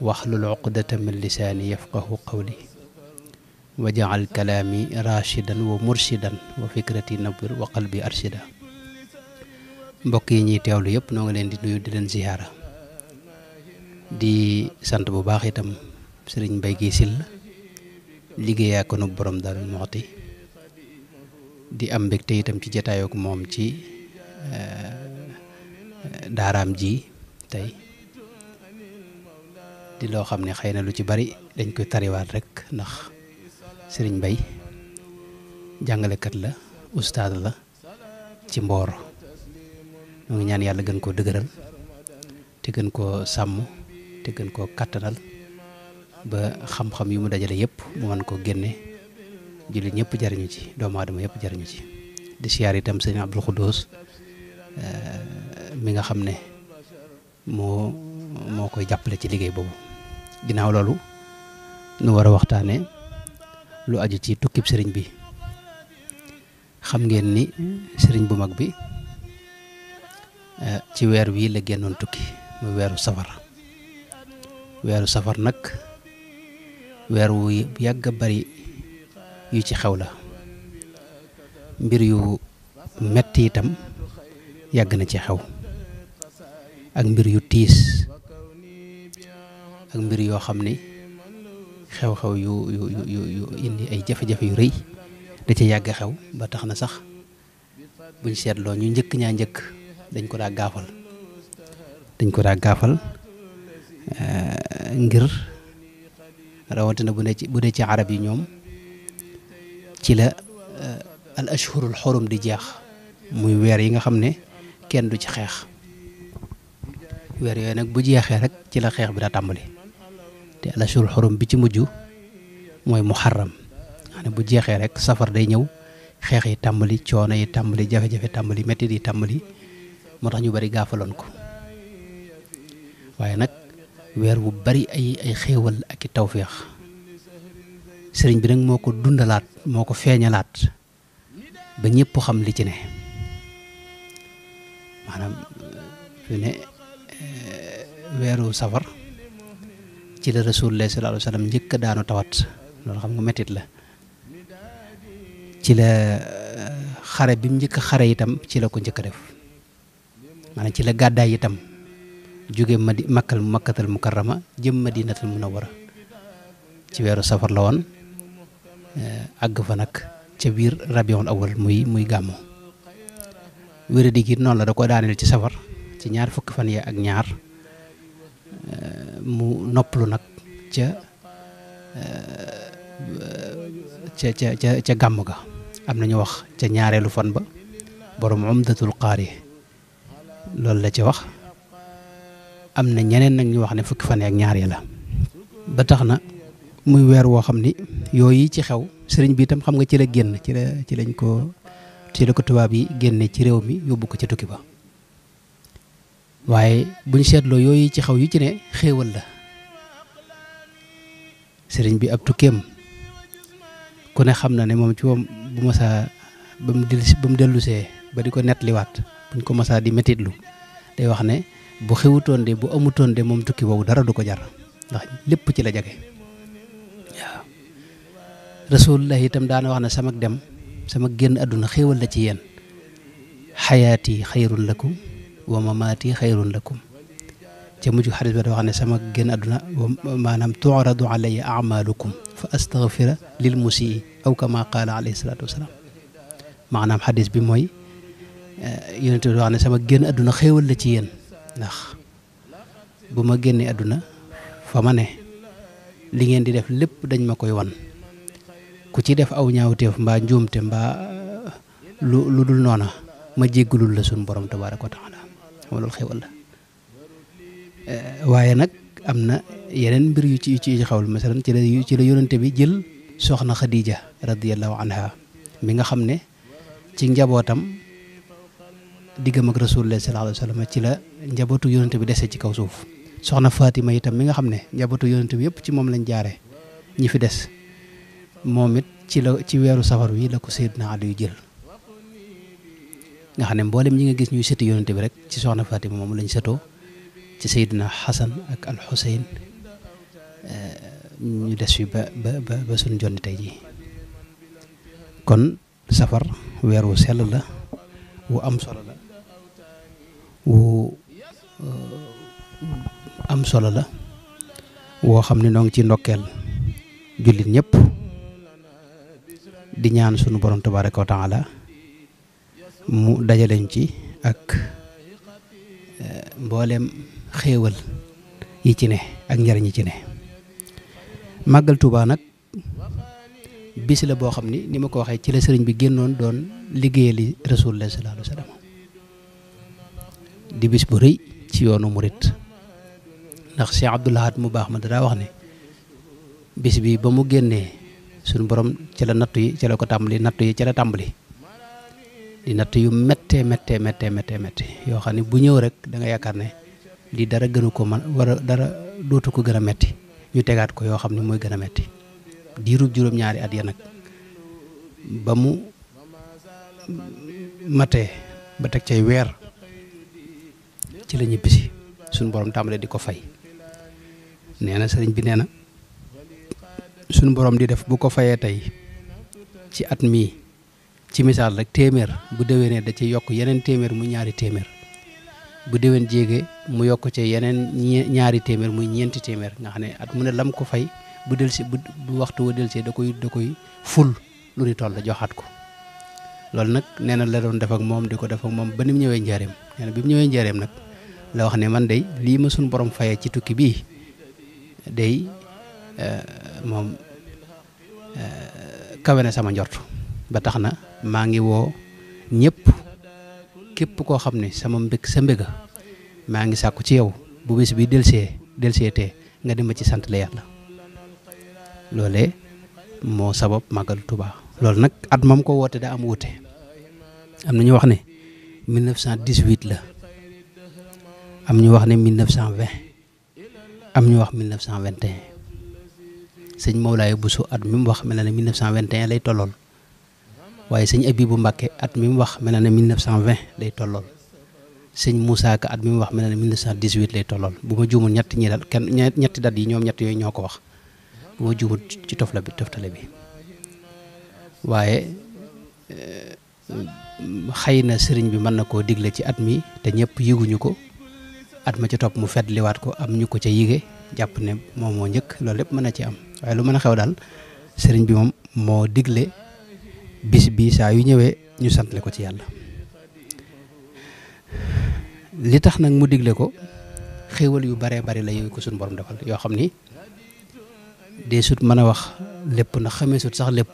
واحلل عقدة من لساني يفقه قولي واجعل كلامي راشدا ومرشدا وفكرتي نبر وقلبي أرشدا بقيني تولي يب نوغ لين دي دي زيارة دي سانت بو تم سرين بايكي سل لغي يكون دار المعطي دي أم بكتي تم تي جتا يوك موم دارام جي تي di loh xamne ne na lu ci bari dañ koy tariwaat rek ndax bay jangale kat la oustad la ci mbor mu ngi ñaan yalla gën ko dëgëral te gën ko sam te gën ko katanal ba xam-xam yu mu dajale yépp mu man ko génné jëli ñëpp jarñu ci doomu yépp jarñu ci di siari itam sëriñ Abdul euh mi nga xamne ne mo koy jappalé ci liggéey bobu ginnaaw loolu nu war a waxtaane lu aju ci tukkib sëriñ bi xam ngeen ni sëriñ bu mag bi eh, ci weer wii la génnoon tukki mu weeru safar weeru safar nag weer wu yàgg a bari yu ci xew la mbir yu metti itam yàgg na ci xew ak mbir yu tiis ak mbir yoo xam ni xew-xew yu yu yu yu indi ay jafe-jafe yu rëy da ca yàgg xew ba tax na sax buñ seetloo ñu njëkk ñaa njëkk dañ ko daa gaafal dañ ko daa gaafal eh, ngir rawatina bu ne ci bu dee ci arab yi ñoom ci la eh, al ashhurul xorum di jeex muy weer yi nga xam ne kenn du ci xeex weer yooyu nag bu jeexee rek ci la xeex bi daa tàmbali te alashurul xorom bi ci mujj mooy muharram xanaa bu jeexee rek safar day ñëw xeex yi tàmbali coono yi tàmbali jafe-jafe tàmbali mettit yi tàmbali moo tax ñu bari gaafaloon ko waaye nag weer bu bari ay ay xéewal ak i tawféex sëriñ bi nag moo ko dundalaat moo ko feeñalaat ba ñëpp xam li ci ne maanaam ne eh, weeru safar ci la rasulullah sallallahu njëkk daanu tawat loolu xam nga mettit la ci la euh, xare bi mu njëkk xare yitam ci la ko njëkk a def maanaam ci la gàddaay itam jóge madi makkal makkatal mukarrama jëm madinatul munawwara ci weeru safar la woon euh, àgg fa nag ca biir rabiul awal muy muy gàmmu wéradi gi noonu la da ko daaneel ci safar ci ñaar fukki fan ya ak ñaar mu noppalu nag ca eh, ca ca ca ca gàmm ga am na ñu wax ca ñaareelu fan ba borom umdatul qaari loolu la ci wax am na ñeneen nag ñu wax ne fukki fan ak ñaar la ba tax na muy weer woo xam ni yooyu ci xew sëriñ bi itam xam nga ci génn ci la ci lañ ko ci la ko tubaab yi génne ci réew mi yóbbu ko ca tukki ba waaye buñ seetloo yooyu ci xaw yu ci ne xéewal la sëriñ bi ab tukkeem ku ne xam na ne moom ci moom bu masaa ba mu dellu ba mu dellusee ba di ko nettaliwaat buñ ko masaa di metitlu day wax ne bu xewutoon de bu amutoon de moom tukki boobu dara du ko jar ndax lépp ci la jage waaw rasulullah itam daana wax ne sama dem sama génn àdduna xéewal la ci yéen xayaati la ko ومماتي خير لكم تمجو حديث بدا وخني سما ген ادنا مانام تعرض علي اعمالكم فاستغفر للمسيء او كما قال عليه الصلاه والسلام معنام حديث بي موي يونتو وخني سما ген ادنا خيول لا تي ين نخ بما ген ادنا فما نه لي نين دي ديف ليب دنج ماكاي وان كو تي ديف او نياوتيف با نجومتي با لودول نونا ما جيغلول لا سون بروم تبارك وتعالى moo loolu xéwal la eh, waaye nag am na yeneen mbir yu ci yu ci xawal masalan ci la ci bi jël soxna Khadija radiyallahu anha mi nga xam ne ci njabootam diggam ak rasulullah sallallahu alayhi wa sallam ci la njabootu yonente bi dese ci kaw suuf soxna Fatima itam mi nga xam ne njabootu yonente bi yëpp ci moom lañ jaare ñi fi des moom it ci la ci weeru safar wi la ko Seydina Aliyu jël nga xamne ne ñi nga gis ñuy sëti yonante bi rek ci soxna Fatima mom lañ sëtoo ci sayyidina hasan ak al euh ñu dessu ba ba ba ba sun jonne tay ji kon safar wéru sel la wu am solo la wu euh, am solo la wo xam no ngi ci ndokkel julit ñëpp di ñaan sunu borom tabaaraku taala mu dajaleñ ci ak eh, mboolem xéewal yi ci ne ak njariñ yi ci ne màggal Tuubaa nag bis la boo xam ni ni ma ko waxee ci la sëriñ bi génnoon doon liggéeyali Rasulullah sallallahu alayhi wa di bis bu rëy ci yoonu murit ndax Cheikh Abdou Lahad mu baax ma daa wax ne bis bi ba mu génnee sunu borom ci la nattu yi ci la ko tàmbali nattu yi ci la tàmbali di natt yu mette mette mette mette mette yo xani bu ñew rek da nga yakarne li dara gënu ko man wara dara dootu ko gëna metti ñu tégaat ko yo xamni moy gëna metti di rub diirub ñaari at ya nak ba mu maté ba tek cey wër ci la ñibbisi suñu borom tambalé di fay sëriñ bi nee suñu borom di def bu ko fayé tay, ci at mi ci misaal rek téeméer bu dewee déwénee da ci yokk yeneen téeméer mu ñaari téeméer bu déwén jéege mu yokk ci yeneen ñaari téeméer muy ñeenti téeméer nga xam ne at mu ne lam ko fay bu del si bu waxtu wa del see da koy da koy ful lu ni toll joxaat ko loolu nag nee na la doon def ak moom di ko def ak moom ba ni mu ñëwee njaareem nee bi mu ñëwee njaareem nag la wax ne man day lii ma suñu borom fayee ci tukki bii day eh, moom eh, kawe sama njort ba tax na maa ngi woo ñëpp képp koo xam ne sama mbég sa mbéga maa ngi sàkku ci yow bu bés bi delsee delsee tee nga dem ci sant la yàlla loolee moo sabab màggalu Tuubaa loolu nag at mam ko woote daa am wuute am na ñu wax ne 1918 la am ñu wax ne 1920 am ñu wax 1921 sëñ Mawlaay Bousso at mi mu wax mel na ne 1921 lay tolloon waaye sëñ bu Mbàkke at mi mu wax mel na ne 1920 lay tollool sëñ Moussa Ka at mi mu wax mel ne 1918 lay tollool bu ma juumul ñetti ñi daal kenn ñetti dat yi ñoom ñett yooyu ñoo ko wax bu ma juumul ci tofla bi toftale bi waaye euh, xëy na sëriñ bi mën na koo digle ci at mi te ñëpp yëguñu ko at ma ca topp mu fedd liwaat ko am ñu ko ca yige jàpp ne moom moo njëkk loolu yëpp mën na ci am waaye lu mën a xew daal sëriñ bi moom moo digle bis bi saa yu ñewé ñu lé ko ci yalla li tax nak mu diglé ko xéewal yu bare bari la yoy ko sun borom defal yo xamni ni desut sut mëna lepu wax lépp na xamé sut sax lépp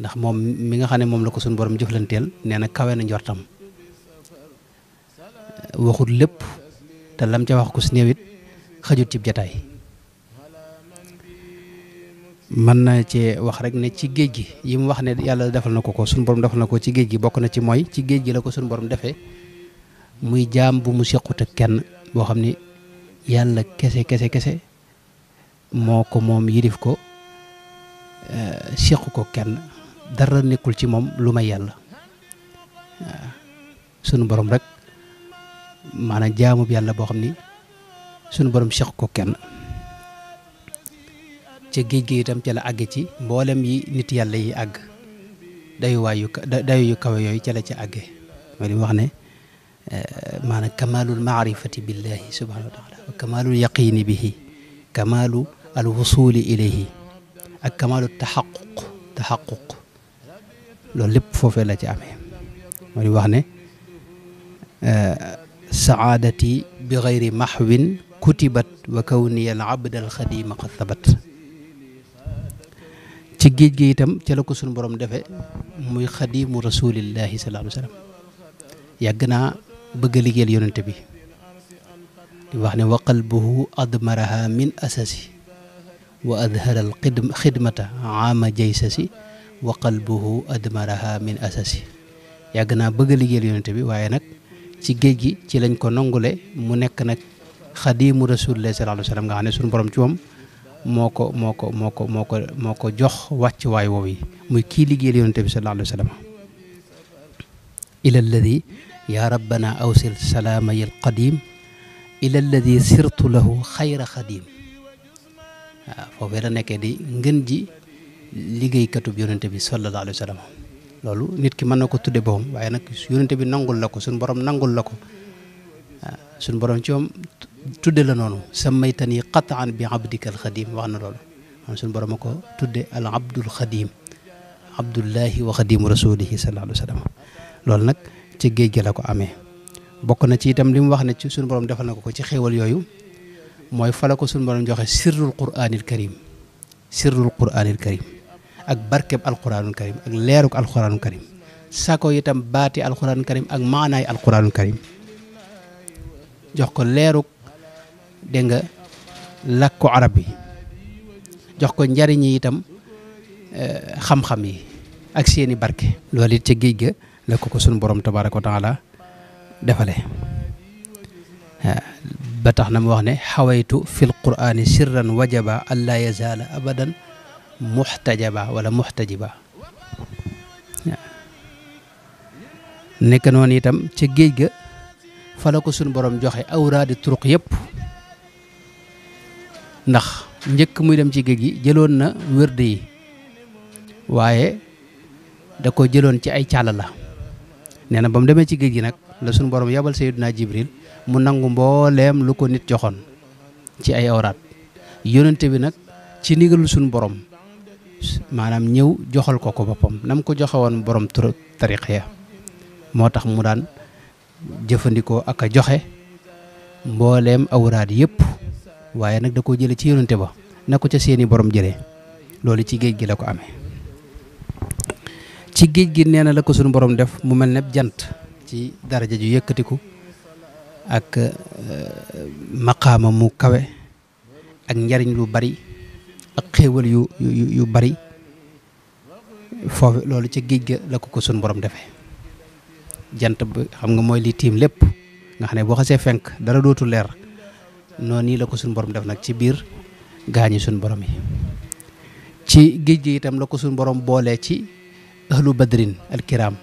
ndax mom mi nga xamné mom la ko sun borom jëflantel nee na kawe na njortam waxut lépp té lam ci wax ko si xajut ci jotaay mën na cee wax rek ne ci géej gi yi mu wax ne yàlla defal na ko ko suñu borom defal na ko ci géej gi bokk na ci mooy ci géej gi la ko suñu borom defee muy jaam bu mu sequt ak kenn boo xam ni yàlla kese kese kese moo ko moom yilif ko euh, sequ ko kenn dara nekkul ci moom lu may yàlla sunu borom rek maanaam jaamu yàlla boo xam ni sunu borom sequ ko kenn. ci géej gi itam ci la àgg ci mboolem yi nit yàlla yi àgg dayuwaayu dayu yu kawe yooyu ci la ci àgge ma di wax ne maanaam kamalul maarifati billahi subhanahu wa taala wa kamalul yaqini bihi kamalu al wusuli ilayhi ak kamalu taxaquq taxaquq loolu lépp foofee la ci amee ma di wax ne saadati bi gayri maxwin kutibat wa kawniya al abd al ci géej gi itam ca la ko suñu borom defee muy xadimu rasulillahi sallallahu alayhi wa sallam yàgg naa bëgg a bi di wax ne wa qalbuhu admaraha min asasi wa adharal xidmata ama jaysasi wa qalbuhu admaraha min asasi yàgg naa bëgg a liggéeyal yonente bi waaye nag ci géej gi ci lañ ko nongule mu nekk nag xadimu rasulillahi sallallahu alayhi wa sallam nga xam ne suñu borom ci moom moo ko moo ko moo ko moo ko moo ko jox wàcc waay woow muy kii liggéeyal yonent bi sallallahu alayhi wa sallam ila alladi yaa rabbana awsil salaama yil qadim ila alladi sirtu ji liggéeykatub yonent bi sallallahu alayhi wa loolu nit ki mën na ko tudde boppam waaye nag yonent bi nangul la ko suñu borom nangul la ko سن بروم تيوم تودي لا نونو سميتني قطعا بعبدك الخديم وانا لولو ام سن بروم كو تودي العبد الخديم عبد الله وخديم رسوله صلى الله عليه وسلم لول نك تي جي جي لاكو امي بوكنا تي تام لي واخ ني سن بروم ديفال نكو تي خيوال يويو موي فالاكو سن بروم جوخي سر القران الكريم سر القران الكريم اك بركب القران الكريم اك ليرك القران الكريم ساكو يتام باتي القران الكريم اك معناي القران الكريم jox ko leerug dégg nga làkku arab bi jox ko njariñ yi itam eh, xam-xam yi ak seeni barke loolu it ca géej ga la ko ko sunu borom tabaaraka wa taala defale eh, ba tax na mu wax ne xawaytu fil quraani sirran wajaba an laa yazaala abadan muxtajaba wala muxtajiba eh, nekk noonu itam ca géej ga fa la ko suñu borom joxe awraadi turuq yep ndax ñeek muy dem ci geegi jëlon na wërde yi waaye da ko jëlon ci ay càll la nee na ba ci geegi nak la sun borom yabal Sayyidina Jibril mu nangu mbooleem lu ko nit joxon ci ay awrat yónnante bi nak ci ndigalul sun borom manam ñew joxal ko ko bopam nam ko joxawon borom turuq tariqiya motax mu daan jëfandikoo ak a joxe mbooleem awraad yépp waaye nag da ko jële ci yonante ba na ko ca seeni borom jëlee loolu ci géej gi la ko amee ci géej gi nee la ko suñu borom def mu mel jant ci daraja ju yëkkatiku ak euh, maqaama mu kawe ak njariñ lu bari ak xéewal yu yu bari foofu loolu ci géej gi la ko ko suñu borom defee jant bi xam nga mooy li tiim lépp nga xam ne boo xasee fenk dara dootu leer noonu nii la ko suñu borom def nag ci biir gaañi suñu borom yi ci géej gi itam la ko suñu borom boolee ci ahlu badrin alkiram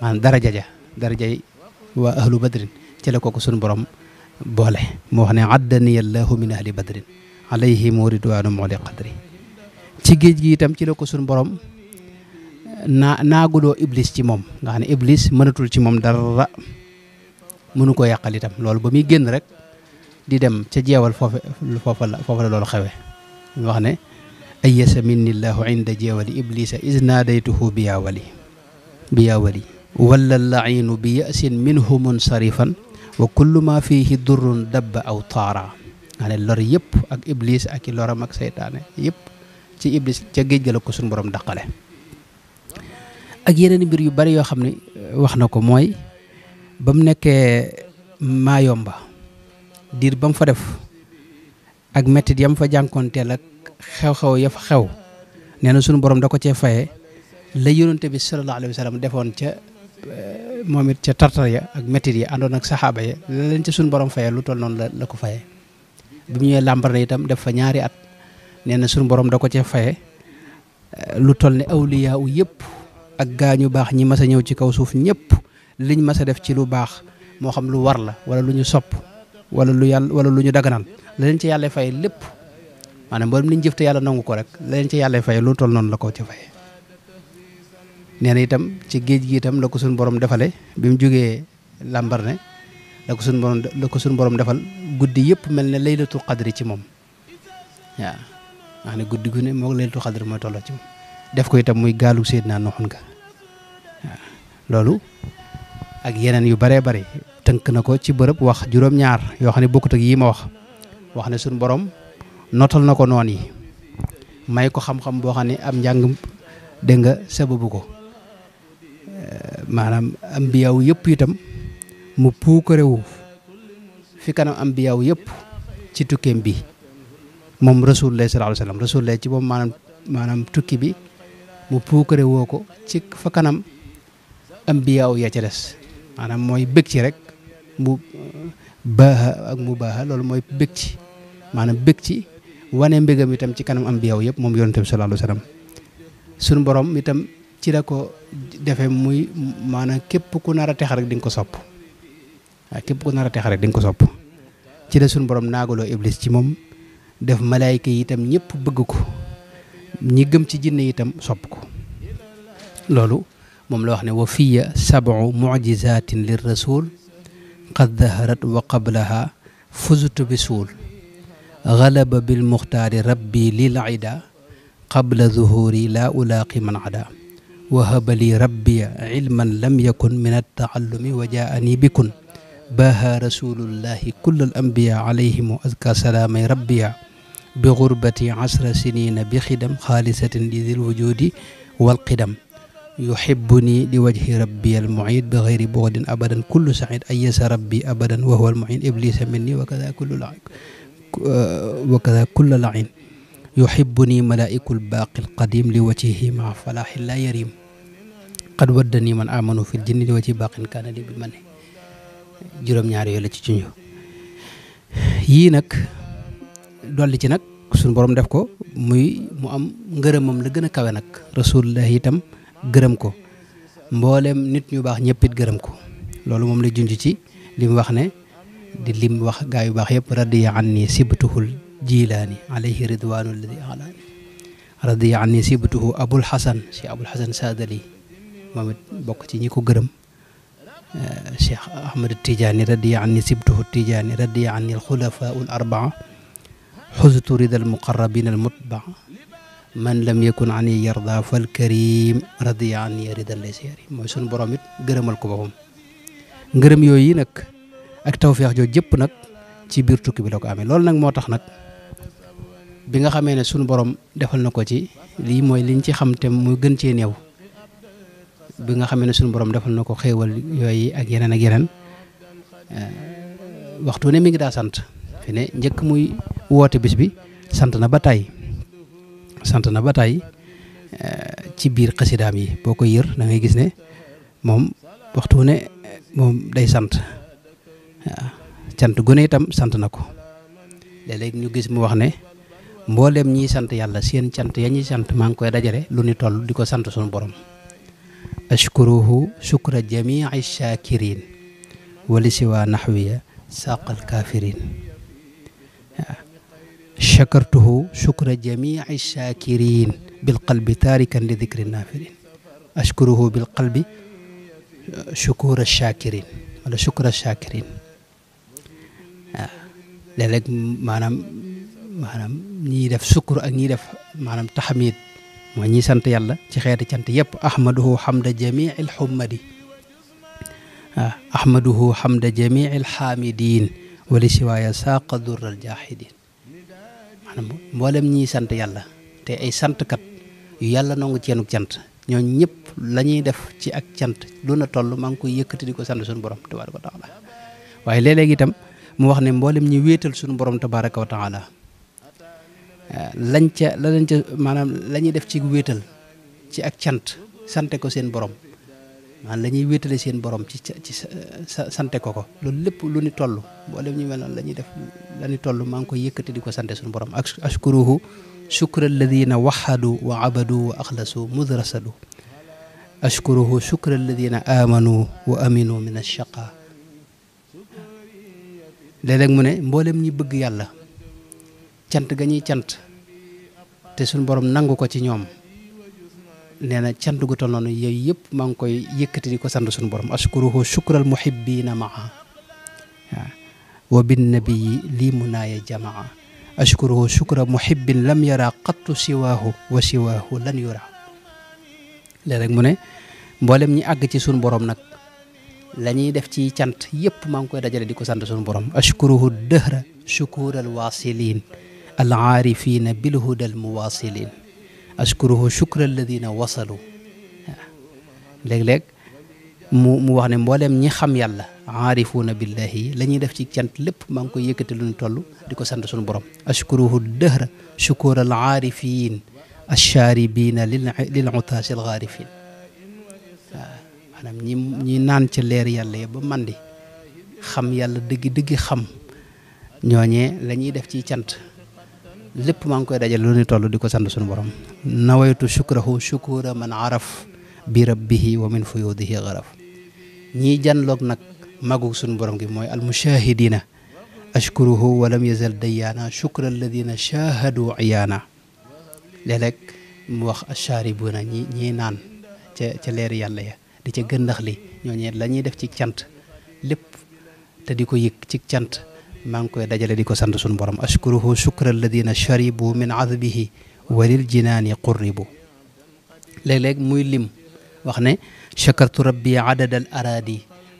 maanaam daraja ja daraja yi waa ko ko suñu borom boole moo wax ne addani allahu min ahli badrin alayhim ridwaanu mooli qadri ci géej gi itam ci la ko borom naa naagudoo iblis ci moom nga xam ne iblis mënatul ci moom dara mënu ko yàqal itam loolu ba muy génn rek di dem ca jeewal foofa foofa la foofa xewe ñu wax ne ayasa minni llahu inda jeewali iblisa is naadaytuhu bi yaa wali bi yaa wali wala lainu bi yasin minhu munsarifan wa kullu ma fihi durrun dabba aw taara nga ne lor yëpp ak iblis ak i loram ak seytaane yëpp ci iblis ca géej ga la ko suñu borom daqale ak yeneen mbir yu bari yoo xam ne euh, wax na ko mooy ba mu nekkee Maayomba diir ba mu fa def ak mettit mu fa jànkoonteel ak xew-xew ya fa xew nee na sunu borom da ko cee faye la yonente bi sallallahu defoon ca euh, moom it ca tartar ak mettit ya àndoon ak saxaaba ya la borom fayee lu toll noonu la la ko fayee bi mu ñëwee itam def ñaari at nee na sunu borom da ko cee fayee euh, lu toll ne awliyaa u yëpp ak gaañu baax ñi mas a ñëw ci kaw suuf ñëpp liñ mas a def ci lu baax moo xam lu war la wala lu ñu sopp wala lu yàlla wala lu ñu daganal la leen ci yàlla fay lépp maanaam mboolem liñ jëf te yàlla nangu ko rek la leen ci yàlla fay lu toll la ko ci fay. nee na itam ci géej gi itam la ko suñu borom defale bi mu jógee Lambaréné la ko suñu borom ko suñu borom defal guddi yëpp mel ne laylatul qadri ci moom waaw. nga ne guddi gu ne moo laylatul qadri mooy tolloo ci moom def ko itam muy gaalu Seydina loolu ak yeneen yu baree bari tënk na ko ci bërëb wax juróom-ñaar yoo xam ne bokkut ak yii ma wax wax ne suñu borom nootal na ko noon yi may ko xam-xam boo xam ne am njàng dégg nga sababu ko eh, maanaam ambiyaaw yëpp itam mu puukarewu fi kanam ambiyaaw yëpp ci tukkeem bi moom rasulullah sallallahu alayhi wasallam rasulullah ci moom maanaam maanaam tukki bi mu puukare woo ko fa kanam am ambiyaaw ya ca des maanaam mooy bëgg ci rek mu baaxa ak mu baaxa loolu mooy bëgg ci maanaam bëgg ci wane mbégam itam ci kanam ambiyaaw yëpp moom yonent bi sallallahu alayhi wa sallam sunu borom itam ci la ko defee muy maanaam képp ku nar a tex rek di ko sopp képp ku nar a tex rek di ko sopp ci la sunu borom naagaloo iblis ci moom def malaayka yi itam ñëpp bëgg ko ñi gëm ci jinne itam sopp ko loolu موم لوخ وفي سبع معجزات للرسول قد ظهرت وقبلها فزت بسول غلب بالمختار ربي للعدا قبل ظهوري لا الاقي من عدا وهب لي ربي علما لم يكن من التعلم وجاءني بكن بها رسول الله كل الانبياء عليهم ازكى سلام ربي بغربتي عشر سنين بخدم خالصه لذي الوجود والقدم يحبني لوجه ربي المعيد بغير بغض أبدا كل سعيد أيس ربي أبدا وهو المعين إبليس مني وكذا كل لعين وكذا كل لعين يحبني ملائك الباقي القديم لوجهه مع فلاح لا يريم قد ودني من آمن في الجن لوجه باق كان لي بالمنه جرم ñaar يلا la ci ci ñu yii nag dolli ci nag suñu borom def ko muy mu am ngërëmam la gërëm ko mboolem nit ñu bax ñëpp it gërëm ko loolu mom la junj ci lim wax ne di lim wax gaay yu bax yëpp radiya anni sibtuhul jilani alayhi ridwaanu alladi a'la radiya anni sibtuhu abul hasan si abul hasan sadali moom bok ci ñi ko gërëm شيخ ahmad التجاني رضي anni سبته التجاني رضي anni الخلفاء الأربعة حزت رضا المقربين المتبع من لم يكن عني يرضى فالكريم رضي عني يرضى الله سياري ما يسون برامج غرم الكوبهم غرم يوي نك اكتاو في اخجو جيب نك تي بير توك بي لوك امي لول نك موتاخ نك بيغا خامي سون بروم ديفال نكو تي لي موي لين تي خام تيم موي تي نيو بيغا خامي سون بروم ديفال نكو خيوال يوي اك يينن اك يينن وقتو دا سانت في ني نجيك موي بيس بي سانت نا sant na ba tay eh, ci biir xasidaam yi boo ko yër da ngay gis ne moom waxtu ne eh, moom day sant sant cant itam sant na ko léeg ñu gis mu wax ne mboolem ñiy sant yàlla seen sant ya ñuy sant maa ngi koy dajale lu ni toll di ko sant sunu borom ashkuruhu shukra jamii shakirin wali naxwiya saqal kafirin شكرته شكر جميع الشاكرين بالقلب تاركا لذكر النافرين أشكره بالقلب شكور الشاكرين ولا شكر الشاكرين لذلك معنى معنى نيد في شكر نيد في معنى تحميد وني سنت يلا تخير تنت يب أحمده حمد جميع الحمدي آه، أحمده حمد جميع الحامدين ولسوايا ساق ذر الجاحدين maanaam mboolem ñiy sant yàlla te ay santkat yu yàlla nangu ceenug cant ñoo ñëpp la ñuy def ci ak cant lu na toll maa ngi koy yëkkati di ko sant suñu borom tabaraka wa taala waaye léeg-léeg itam mu wax ne mboolem ñi wéetal suñu borom tabaraka wa taala eh, lañ la lañ ca maanaam la ñuy def ci wéetal ci ak cant sante ko seen borom maanaam la ñuy seen borom ci ci sa sante ko ko loolu lépp lu ni toll mboolem ñu mel noonu def la tollu toll maa ngi koy di ko sante suñu borom ak ashkuruhu shukra alladina wahadu wa abadu wa axlasu mudrasadu ashkuruhu shukra alladina amanu wa aminu min ashaqa léeg-léeg mu ne mboolem ñi bëgg yàlla cant ga ñuy cant te suñu borom nangu ko ci ñoom nee na cant gu toll noonu yooyu yëpp maa ngi koy yëkkati di ko sant suñu borom ashkuruhu shukral muhibbina maa waaw wa bin nabii lii munaaya jamaa ashkuruhu shukra muhibbin lam yara qattu siwaahu wa siwaahu lan yura léeg rek mu ne mboolem ñi àgg ci suñu borom nag la ñuy def ci cant yëpp maa ngi koy dajale di ko suñu borom ashkuruhu dëhra shukural waasiliin al aarifina bilhuda ashkuruhu shukra alladina wasalu léeg-léeg mu mu wax ne mbooleem ñi xam yàlla aarifuuna billahi la ñuy def ci cant lépp maa ngi koy yëkkati lu ñu toll di ko sant suñu borom ashkuruhu dëhra shukur al aarifin asharibina lil lil utaasi al gaarifin waaw ñi ñi naan ci leer yàlla ya ba mandi xam yàlla dëggi dëggi xam ñooñee la def ci cant lépp maa ngi koy dajale lu toll di ko sant suñu borom nawaytu shukrahu shukura man araf bi rabbihi wa min fuyudihi garaf ñii janloog nag magu suñu borom gi mooy almushahidina ashkuruhu walam yazal dayaana shukra alladina shahadu iyaana léeg-léeg mu wax asharibuna ñi ñii naan ca ca leer yàlla di ca gëndax li ñoo ñee la ñuy def ci cant lépp te di ko yëg ci cant maa ngi koy dajale di ko sant suñu borom ashkuruhu shukra alladina sharibu min azbihi walil jinaani qurribu léeg-léeg muy lim wax ne shakartu rabbi adada al aradi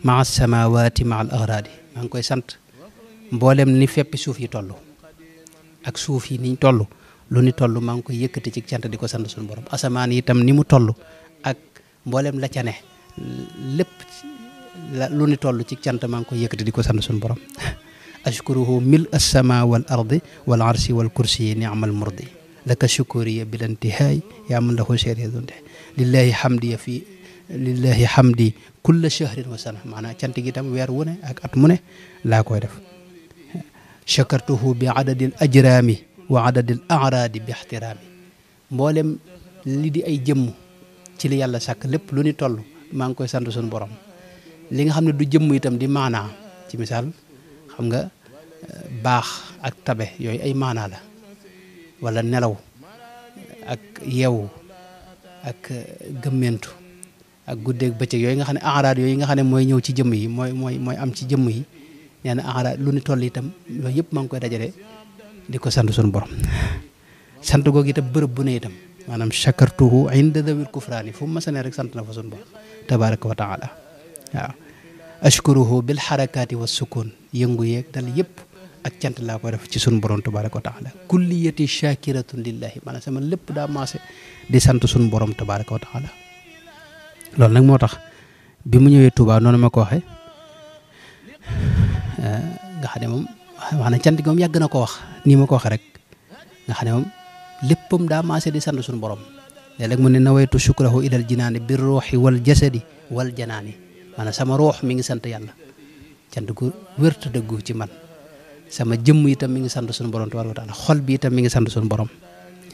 maa samawati maa al agradi maa ngi koy sant mboolem ni feppi suuf yi toll ak suuf yi niñ toll lu ni toll maa ngi koy yëkkati ci cant di ko sant suñu borom asamaan yi itam ni mu toll ak mboolem la ca ne lépp lu ni toll ci cant maa ngi koy yëkkati di ko sant suñu borom ashkuruhu mil assama wal ardi wal arsi wal kursi ni'mal murdi laka shukuriya bil intihaay yaa man lahu shariya dunde lillahi hamdiya fi lillahi hamdi kulla shahrin wa sana maanaam tam weer wu ak at mu ne laa koy def shakartuhu bi adadil ajraami wa adadil araadi bi ixtiraami mboolem li di ay jëmm ci li yàlla sàkk lépp lu ni toll maa ngi koy sant suñu borom li nga ne du jëmm itam di maanaa ci misaal xam nga baax ak tabe yooyu ay maanaa la wala nelaw ak yeewu ak euh, gëmmentu ak guddeeg bëccëg yooyu nga xam ne enraad yooyu nga xam ne mooy ñëw ci jëmm yi mooy mooy am ci jëmm yi nee na enraad lu ni toll itam yooyu yëpp maa ngi koy dajale di ko sant suñu borom sant googu itam bërëb bu ne itam maanaam chakartuhu inda dawil kufraani fu mu rek sant na fa suñu borom tabaraka wa ashkuruhu bil xarakaati wa sukun yëngu yeeg dal yëpp ak cant laa ko def ci sun borom tabaraka wa taala kulliyati shakiratun lillahi maanaam sama lépp daa maase di sant sun borom tabaraka wa loolu nag moo tax bi mu ñëwee Touba noonu ma ko waxee nga ne moom wax na cant gi yàgg na ko wax nii ma ko waxee rek nga xam ne moom léppam daa maase di sant suñu borom léeg mu ne nawaytu shukrahu ilal jinaani bi ruuxi wal jasadi wal janaani maanaam sama ruux mi ngi sant yàlla cant gu wér te dëggu ci man sama jëmm yitam mi ngi sant suñu borom tabaaraka wa taala xol bi itam mi ngi sant suñu borom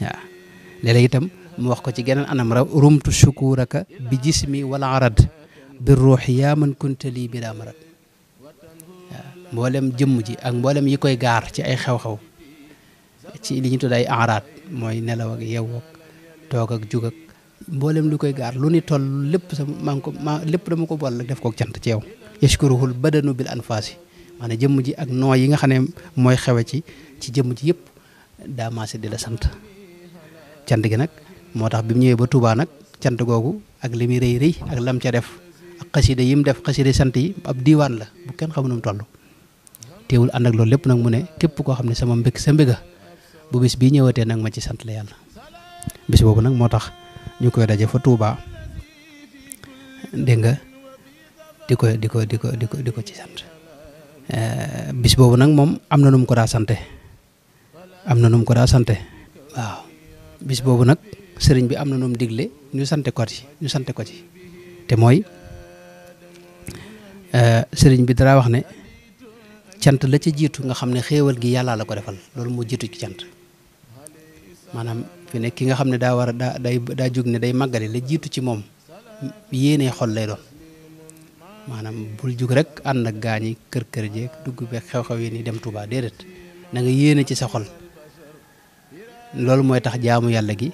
waaw léeg mu wax ko ci geneen anam ra rumtu shukuraka bi jismi wala arad bi ruuxi yaa man kuntali bi daa marad mboolem jëmm ji ak mboolem yi koy gaar ci ay xew-xew ci li ñu tudd ay araat mooy nelaw ak yeew ak mboolem lu koy gaar lu ni toll lepp sa man ko lepp dama ko bol def ko cant ci yow yashkuruhul badanu bil anfasi mané jëm ji ak no yi nga xam moy xewé ci ci jëm ji yépp da ma di dila sant cant gi nak motax bimu ñëwé ba Touba nak cant googu ak limi reey reey ak lam ca def ak qasida yim def qasida sant yi ab diwan la bu kenn xamu mu toll teewul ak lool lepp nak mu né képp ko xamné sama mbëgg sa mbëgga bu bis bi ñëwatee nak ma ci sant la yalla bis bobu nak motax ñu koy daje fa Touba dégg nga di ko di ko di ko di ko di ko ci sant eh, bis boobu nag moom am na nu mu ko daa sante am na nu mu ko daa sante waaw bis boobu nag sëriñ bi am na nu mu digle ñu sante ko ci ñu sante ko ci te mooy eh, sëriñ bi dara wax ne cant la ca jiitu nga xam ne xéewal gi yàlla la ko defal loolu moo jiitu ci cant maanaam fi ne ki nga xam ne daa war a daa day daa jóg ne day màggale la jiitu ci moom yéene xol lay doon maanaam bul jug rek ànd ak gaa kër kër jeeg dugg beeg xew-xew yi ni dem Touba déedéet na nga yéene ci sa xol loolu mooy tax jaamu yàlla gi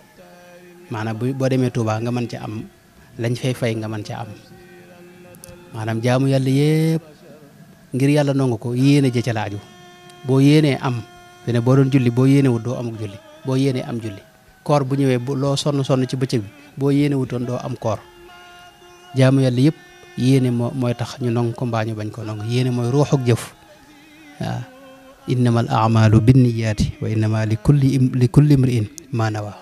maanaam bu boo demee Touba nga mën ci am lañ fay fay nga mën ca am maanaam jaamu yàlla yépp ngir yàlla nangu ko yéene ja ca laaju boo yéenee am fi ne boo doon julli boo yéene wut doo amuk julli boo yéenee am julli koor bu ñëwee bu loo sonn sonn ci bëccëg bi boo yéene wutoon doo am koor jaamu yàlla yëpp yéene moo mooy tax ñu nong ko mbaa ñu bañ ko nong yéene mooy ruuxuk jëf waaw innama al amalu binniyaati wa innama li kulli li imriin maa nawaa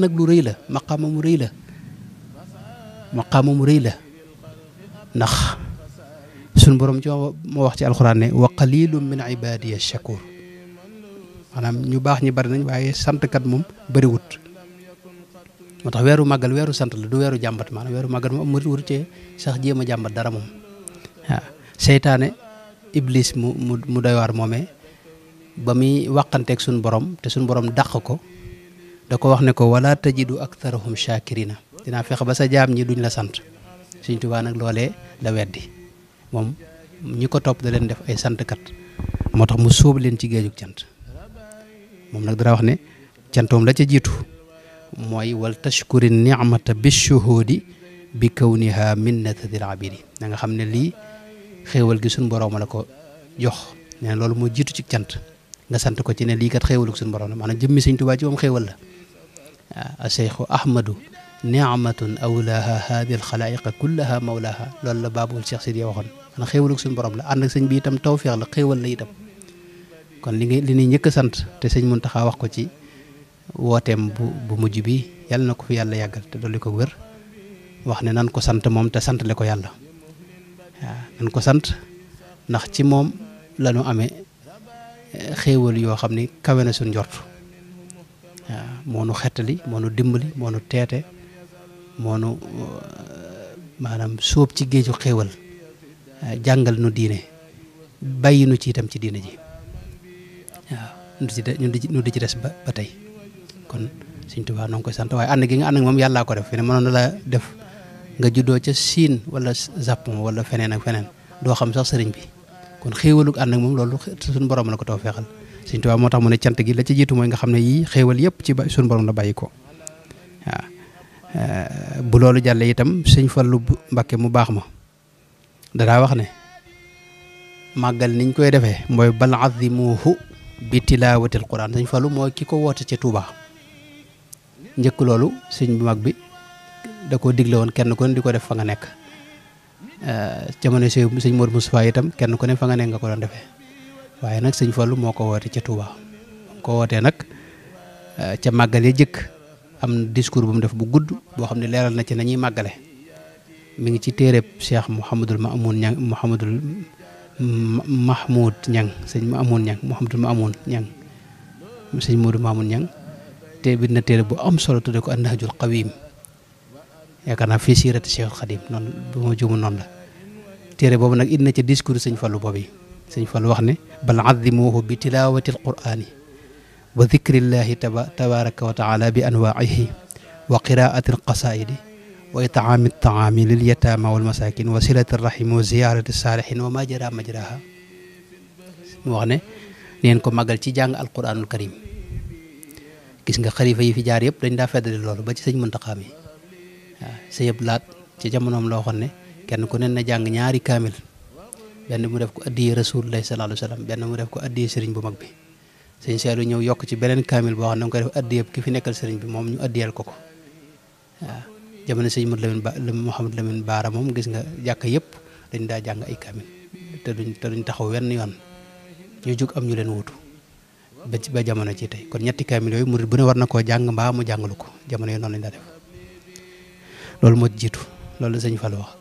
nag lu rëy la maqaama mu rëy la maqaama mu rëy la ndax suñu borom ci moo wax ci alxuraan ne wa qalilum min ibadiya shakur manam ñu bax ñi bari nañ sante kat mom bari wut motax wéru magal wéru sante la du wéru jambat maanaam wéru magal moom murit wut cee sax jema jambat dara mom waaw seytaane iblis mu mu doy war momé ba waxanté ak sun borom té sun borom dakh ko da ko wax ne ko wala tajidu aktharuhum shakirina dina fex ba sa jam ñi duñ la sante seigne touba nak lolé la wéddi mom ñiko ko da leen def ay sante kat motax mu soob leen ci géejug jant mom nak dara wax ne cantoom la ci jitu moy wal tashkuri ni'mata bishuhudi bi kawniha minnatil abidi nga xamne li xewal gi suñ borom la ko jox ne lolou mo jitu ci cant nga sant ko ci ne li kat xéewalu suñ borom la jëmmi seigne touba ci mom xewal la a aseyxu ahmadu niamatun awlaha haadi alxalaayiqa kullaha mawlaha loolu la baabul cheikh Sidiya waxoon xanaa xéewalu suñ borom la ànd ak sëñ bi itam tawféex la xéewal la itam kon li ngay li njëkk a sant te sëñ Mountakha wax ko ci wooteem bu bu mujj bi yàlla na ko fi yàlla yàggal te li ko wér wax ne nan ko sant moom te santale ko yàlla waaw nan ko sant ndax ci moom la ñu amee eh, xéewal yoo xam ni kawe na suñ njort waaw moo nu xettali moo nu dimbali moo nu teete moo nu eh, maanaam sóob ci géeju xéewal eh, jàngal nu diine bàyyi nu ci itam ci diine ji nu di ci nu di ci ba ba kon Sëñ Tuubaa noo koy sant waaye ànd gi nga ànd ak moom yàllaa ko def fi ne mënoon la def nga juddoo wala Japon wala ak xam sax bi kon xéewalug ànd ak moom loolu suñu borom la ko taw feexal Sëñ Tuubaa moo tax ne cant gi la ci jiitu mooy nga xam ne yii xéewal ci suñu borom la eh, bu itam Fallu mu ma wax ne màggal niñ koy defee bal azimuhu bi tilawati quran sëñ Fallou mooy ki ko woote ci Touba ñeek lolu seigne bu mag bi da ko diglé won kenn ko ne di def fa nga euh jamono si sëñ Modou Moustapha itam kenn ko ne fa nga nek nga ko don defé waye nak seigne fallu moko wote ci Touba ko wote nak eh, ci magalé ya jëk am discours bu mu def bu gudd bo xamni na ci nañuy magalé mi ngi ci téré Cheikh mohammedul Mamoun Mahmoud Ñang sëñ Maamoun Ñang Mouhamadou Maamoun Ñang sëñ Moodu Maamoun Ñang te bind na téere bu am solo tudde ko An-Nahjul Qawiim yaakaar naa fii siirati Cheikh Khadim noonu bu ma juumu noonu la téere boobu nag indi na ca discours sañ falu boobu sëñ Fallu wax ne bal azzimuhu bi tilaawati alqur'ani wa dhikrillahi tabaraka wa taala bi anwaa'ihi wa qiraa'ati alqasaa'idi wa itaami taami lil yataama wal masaakin wa silati rahim wa ziyaarati saalihin wa ma jara majraha mu wax ne neen ko màggal ci jàng alquranul karim gis nga xalifa yi fi jaar yëpp dañ daa feddali loolu ba ci sëñ Muntaxa mi waaw sëñ Abdu Laat ci jamonoom loo xam ne kenn ku nen na jàng ñaari kaamil benn mu def ko addiye rasulullahi sallallahu alayhi wa sallam benn mu def ko addiye sëriñ bu mag bi sëñ Seedu ñëw yokk ci beneen kaamil boo xam ne danga koy def addiye ki fi nekkal sëriñ bi moom ñu addiyal ko jamono sëñ Modou Lamine Ba Mouhamadou Lamine Baara moom gis nga jàkk yëpp dañ daa jàng ay kaamil te duñ te duñ taxaw wenn yoon ñu jóg am ñu leen wutu ba ci ba jamono ci tey kon ñetti kaamil yooyu murid bu ne war na koo jàng mbaa mu jàngalu ko jamono yooyu noonu lañ daa def loolu moo jiitu loolu sëñ Fall wax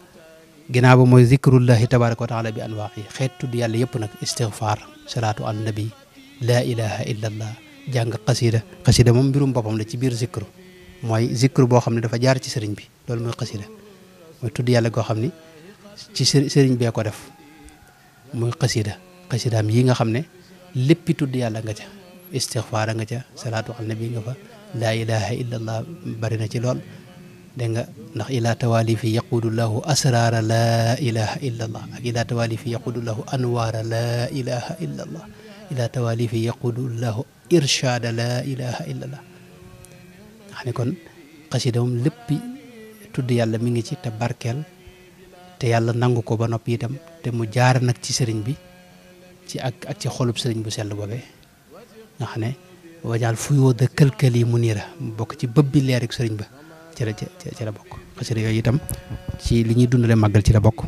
ginnaaw ba mooy zikrullahi tabaraka wa taala bi anwaa yi xeet tudd yàlla yëpp nag istighfar salaatu an nabi laa ilaha illa allah jàng xasida xasida moom mbirum boppam la ci biir zikru mooy zikru boo xam ne dafa jaar ci sëriñ bi loolu mooy xasida mooy tudd yàlla goo xam ni ci sëriñ bee ko def muy xasida xasidaam yii nga xam ne léppi tudd yàlla nga ca istixfaara nga ca salaatu ala nabi nga fa laa ilaha illa allah bari na ci lool dégg nga ndax ila tawaali fi yaqudullaahu asraara laa ilaha illa allah ak ila tawaali fi yaqudullaahu anwaara laa ilaha illa allah ila tawaali fi yaqudullaahu irshaada laa ilaha illa allah xam kon xasida moom lépp tudd yàlla mi ngi ci te barkeel te yàlla nangu ko ba noppi itam te mu jaar nag ci sëriñ bi ci ak ak ci xolub sëriñ bu sell boobee nga xam ne wajaal fuyoo de këlkël yi mu nii mu bokk ci bëb bi leerik sëriñ ba ci la ci la bokk xasida yooyu itam ci li ñuy dundale màggal ci la bokk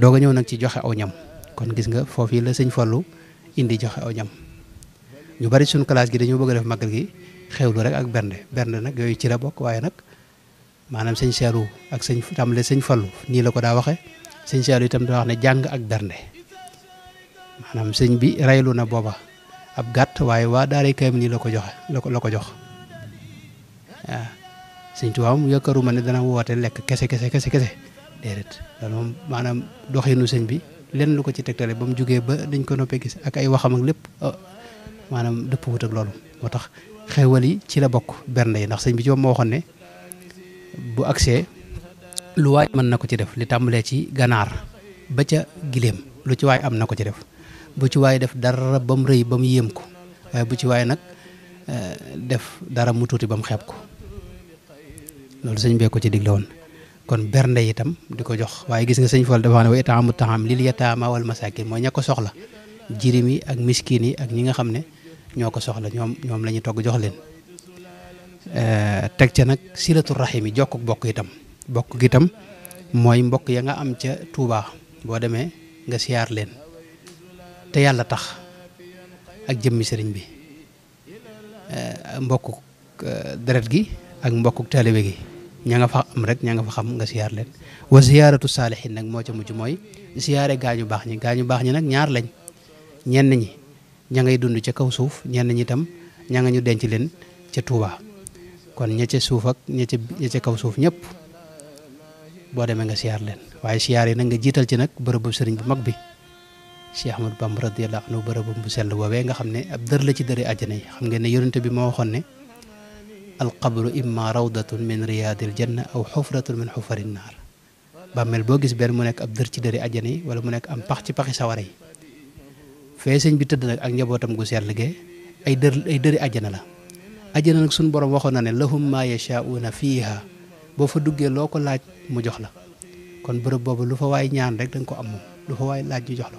doog a ñëw nag ci joxe aw ñam kon gis nga foofu la sëñ Fallu indi joxe aw ñam ñu bari suñu classe gi dañoo bëgg a def màggal gi xewlu rek ak bernde bernde nag yooyu ci bokk waaye nag maanaam sëñ Saliou ak sëñ tàmbale sëñ Fallou nii la ko daa waxee sëñ Saliou itam daa wax ne jàng ak bernde maanaam sëñ bi raylu na booba ab gàtt waaye waa daaray kayam nii la ko joxe la ko la ko jox waaw sëñ Tuubaa moom yëkkaruma ne dana woote lekk kese kese kese kese déedéet loolu maanaam doxinu sëñ bi lenn lu ko ci tegtale ba mu jugee ba dañ ko noppee gis ak ay waxam lépp ah, maanaam dëpp wut loolu moo tax xéewal yi ci la bokk bernde yi ndax sëñ bi ci moo waxoon ne bu agsee lu waay mën na ko ci def li tàmbalee ci ganaar ba ca giléem lu ci waay am na ko ci def bu ci waay def dara ba mu rëy ba mu yéem ko waaye bu ci waaye nag eh, def dara mu tuuti ba mu xeeb ko loolu sëñ bee ko ci digle woon kon bernde itam di ko jox waaye gis nga sëñ Fall dafa ne wa itaamu taam lil yataama wal masaakin mooy ña ko soxla jirim yi ak miskin yi ak ñi nga xam ne ñoo ko soxla ñoom ñoom la ñuy togg jox leen eh, teg ca nag silatu rahim yi jokk bokk itam bokk gi itam mooy mbokk ya nga am ca Touba boo demee nga siyaar leen te yàlla tax ak jëmmi sëriñ bi eh, mbokku eh, deret gi ak mbokku taalibe gi ña nga fa am rek ña nga fa xam nga siyaar leen wa ziyaaratu saalihin nag moo ca mujj mooy siyaare gaañu baax ñi gaañu baax ñi nag ñaar lañ ñenn ñi ña ngay dund ci kaw suuf ñen ñi tam ña nga ñu denc leen ci Touba kon ña ci suuf ak ña ci ña ca kaw suuf ñep bo demé nga siar leen waye siar yi nga jital ci nag bërëbu serigne bu mag bi Cheikh Ahmadou bam radiyallahu anhu bërëbu bu sel wowe nga xamné ne ab dër la ci dëri aljana yi xam ngeen ne yoonte bi mo waxone al qabru imma rawdatun min riyadil janna aw hufratun min xufarin naar bàmmeel bo gis ben mu nek ab dër ci dëri aljana yi wala mu nek am pax ci paxi fee señ bi tëdd nak ak njabotam gu sel ge ay dër ay dëri aljana la aljana nak sun borom waxo na ne lahum ma yasha'una fiha bo fa loko laaj mu jox la kon bërëb bobu lu fa way ñaan rek dang ko am lu fa way laaj ju jox la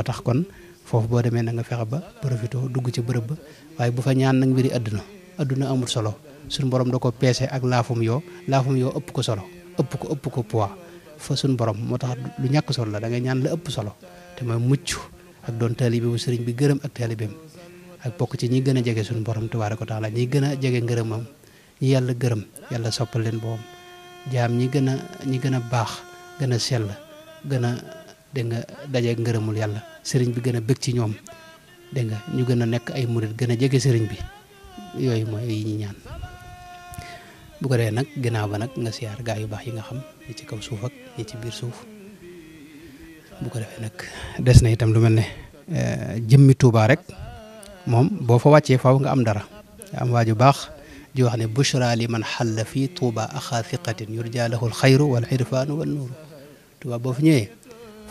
ko kon fofu bo demé nga fexe ba profito dugg ci bërëb ba waaye bu fa ñaan nak mbiri aduna aduna amul solo sun borom dako ko ak lafum yo lafum yo upp ko solo upp ko upp ko poids fa sun borom motax lu ñak solo la da nga ñaan la upp solo te moy muccu ak don taalibe bu sëriñ bi gërëm ak taalibeem ak bok ci ñi gëna jégé suñu borom tabaaraka wa taala ñi gëna jégé ngeureumam ngërëmam ñi yalla gërëm yàlla soppal leen boom jaam ñi gëna ñi gëna a baax gën a sell gën a nga dajé ngeureumul yalla sëriñ bi gëna a bëgg ci ñoom de nga ñu gëna a nekk ay murit gëna jégé sëriñ bi yoy moy yi ñi ñaan bu ko dee nak ginnaaw ba nak nga siyaar gaay yu baax yi nga xam ci kaw suuf ak ci biir suuf bu ko defee nag des na itam lu mel ne eh, jëmmi Touba rek moom boo fa wàccee faw nga am dara am waa ju baax di wax ne bushra li man xalla fii Touba axaa thiqatin yurja lahu alxayru wal irfaanu wan nuuru Touba boo fi ñëwee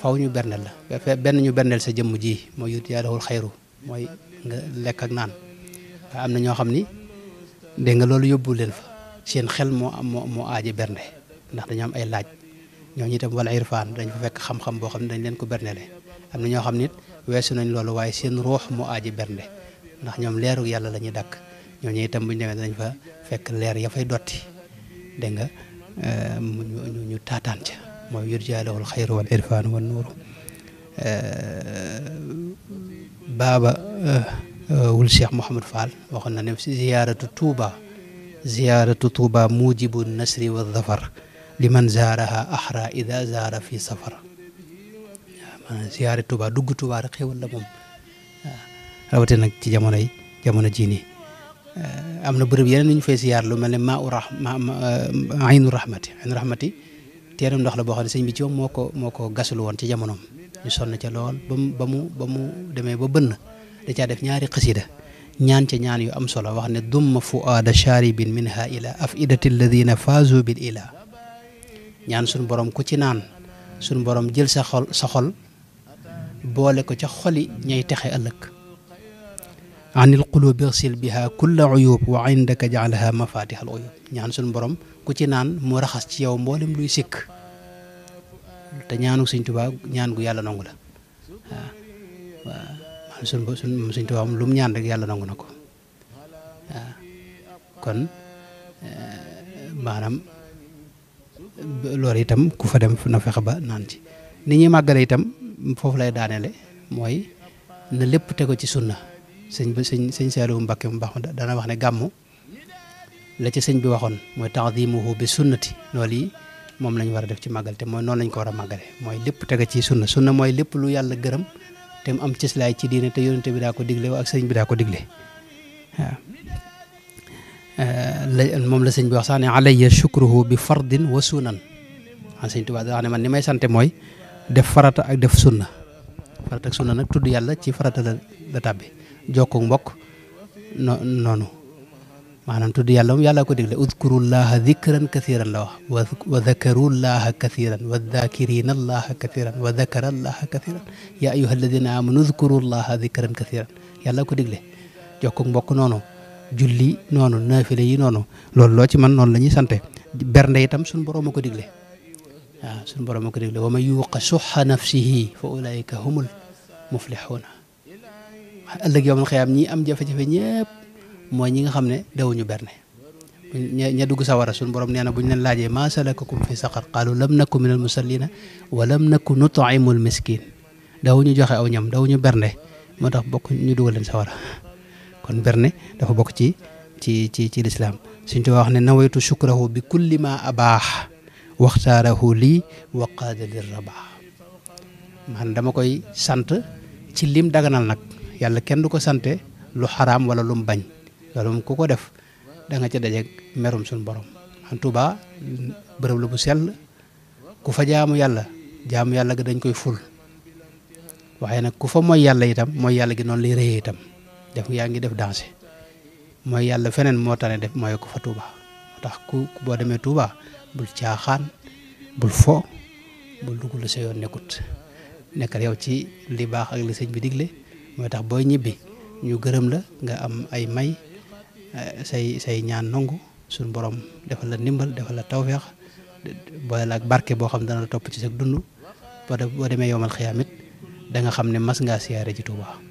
faw ñu bernel la benn ñu bernel sa jëmm ji mooy yurja lahu alxayru mooy nga lekk ak naan waaye am na ñoo xam ni dégg nga loolu yóbbu leen fa seen xel moo am moo aaje bernde ndax dañoo am ay laaj ñoñu itam wal irfan dañ fa fekk xam-xam boo xam ne dañ leen ko bernele am na ñoo xam nit weesu nañ loolu waaye seen ruux mu aaji bernde ndax ñoom leeru yàlla la ñuy dakk ñooñu itam bu ñu demee dañ fa fekk leer ya fay dotti dégg nga ñu ñu taataan ca mooy yurjaalahul xayru wal irfaan wal nuuru baaba wul cheikh Mouhamed Fall waxoon na ne ziyaratu Touba ziyaratu Touba mujibu nasri wa zafar liman zaaraha ahra ida zaara fi safara maanaam siyaare Touba dugg Touba rek xéwal la moom rawate nag ci jamonoy jamono jii nii am na bërëb yeneen yu ñu fay siyaar lu mel ne maa u ra aynu rahmati aynu rahmati teenam ndox la boo xam ne sëñ bi ci moom moo ko moo ko gasul woon ci jamonoom ñu sonn ca lool ba mu ba mu ba mu demee ba bënn da caa def ñaari xasida ñaan ca ñaan yu am solo wax ne dumma fuaada charibin minha ila afidati alladina faazu bil ila ñaan suñu borom ku ci naan suñu borom jël sa xol sa boole ko ca xoli ñay texe ëllëg an il qulubi sil biha kulla uyub wa indaka jaalaha mafatihal uyub ñaan suñu borom ku ci naan mu raxas ci yow mboolem luy sikk te ñaanu Sëñ Tuubaa ñaan gu yàlla nangu la waaw waaw suñ suñ lu mu yàlla nangu na ko kon eh, maanaam loolu itam ku fa dem na fexe ba naan ci ni ñuy màggale tam foofu lay daanele mooy na lépp tego ci sunna sëñ bi sëñ sëñ Saliou Mbacké mu baax dana wax ne gàmmu la ci sëñ bi waxoon mooy ta'zimuhu bi sunnati loolu yi moom lañ war a def ci màggal te mooy noon lañ ko war a màggale mooy lépp tega ci sunna sunna mooy lépp lu yàlla gërëm te mu am cëslaay ci diine te yonente bi daa ko digle ak sëñ bi daa ko digle la moom la sëñ bi wax sax ne alayya shukruhu bi ah, sante mooy def farata ak def sunna farata ak sunna nag tudd yàlla ci farata la la tàbbi jokkoog mbokk no noonu maanaam tudd yàlla moom yàlla ko digle udkurullaha dikran kathiran la wax wa dakarullaha kathiran wa dakirina allaha kathiran wa dakara allaha kathiran ya ayuha alladina amanu udkurullaha dikran kathiran yàlla ko digle jokkoog mbokk noonu julli nonu nafile yi nonu loolu lo ci man non lañuy santé bernde itam sun borom a ko digle waaw borom a ko wama wa man nafsihi fa ulaika humul muflixuuna ëllëg yow man xiyaam ñi am jafé jafé ñepp moy ñi nga xamné dewu ñu bernde ña dugg sawara sun borom neena buñu len ñu ma laajee salakakum fi saqar qalu lam nakum min al musallina wa lam nakun nut'imul miskin miskin ñu joxe aw ñam dawu ñu moo motax bokku ñu duggal len sawara kon berne dafa bokk ci ci ci ci lislaam Sëñ Tuubaa wax ne nawaytu shukrahu bi kulli ma abaax lii wa qaada li rabaax dama koy sant ci lim daganal nag yàlla kenn du ko sante lu xaraam wala lu mu bañ ku ko def da nga ca dajeeg merum suñu borom an Tuubaa bërëb la bu sell ku fa jaamu yàlla jaamu yàlla gi dañ koy ful waaye nag ku fa mooy yàlla yitam mooy yàlla gi noonu lay rëyee itam def yaa ngi def danger mooy yàlla feneen moo tane def mooy ko fa Touba tax ku boo demee Touba bul caaxaan bul fo bul dugg lu sa yoon nekkut nekkal yow ci li baax ak li sëñ bi digle mooy tax booy ñibbi ñu gërëm la nga am ay may eh, say say ñaan nangu suñu borom defal la ndimbal defal la tawfeex boole la ak barke boo xam dana la topp ci sa dund boo demee yomal xiyaamit danga xam ne mas ngaa siyaare ji Touba.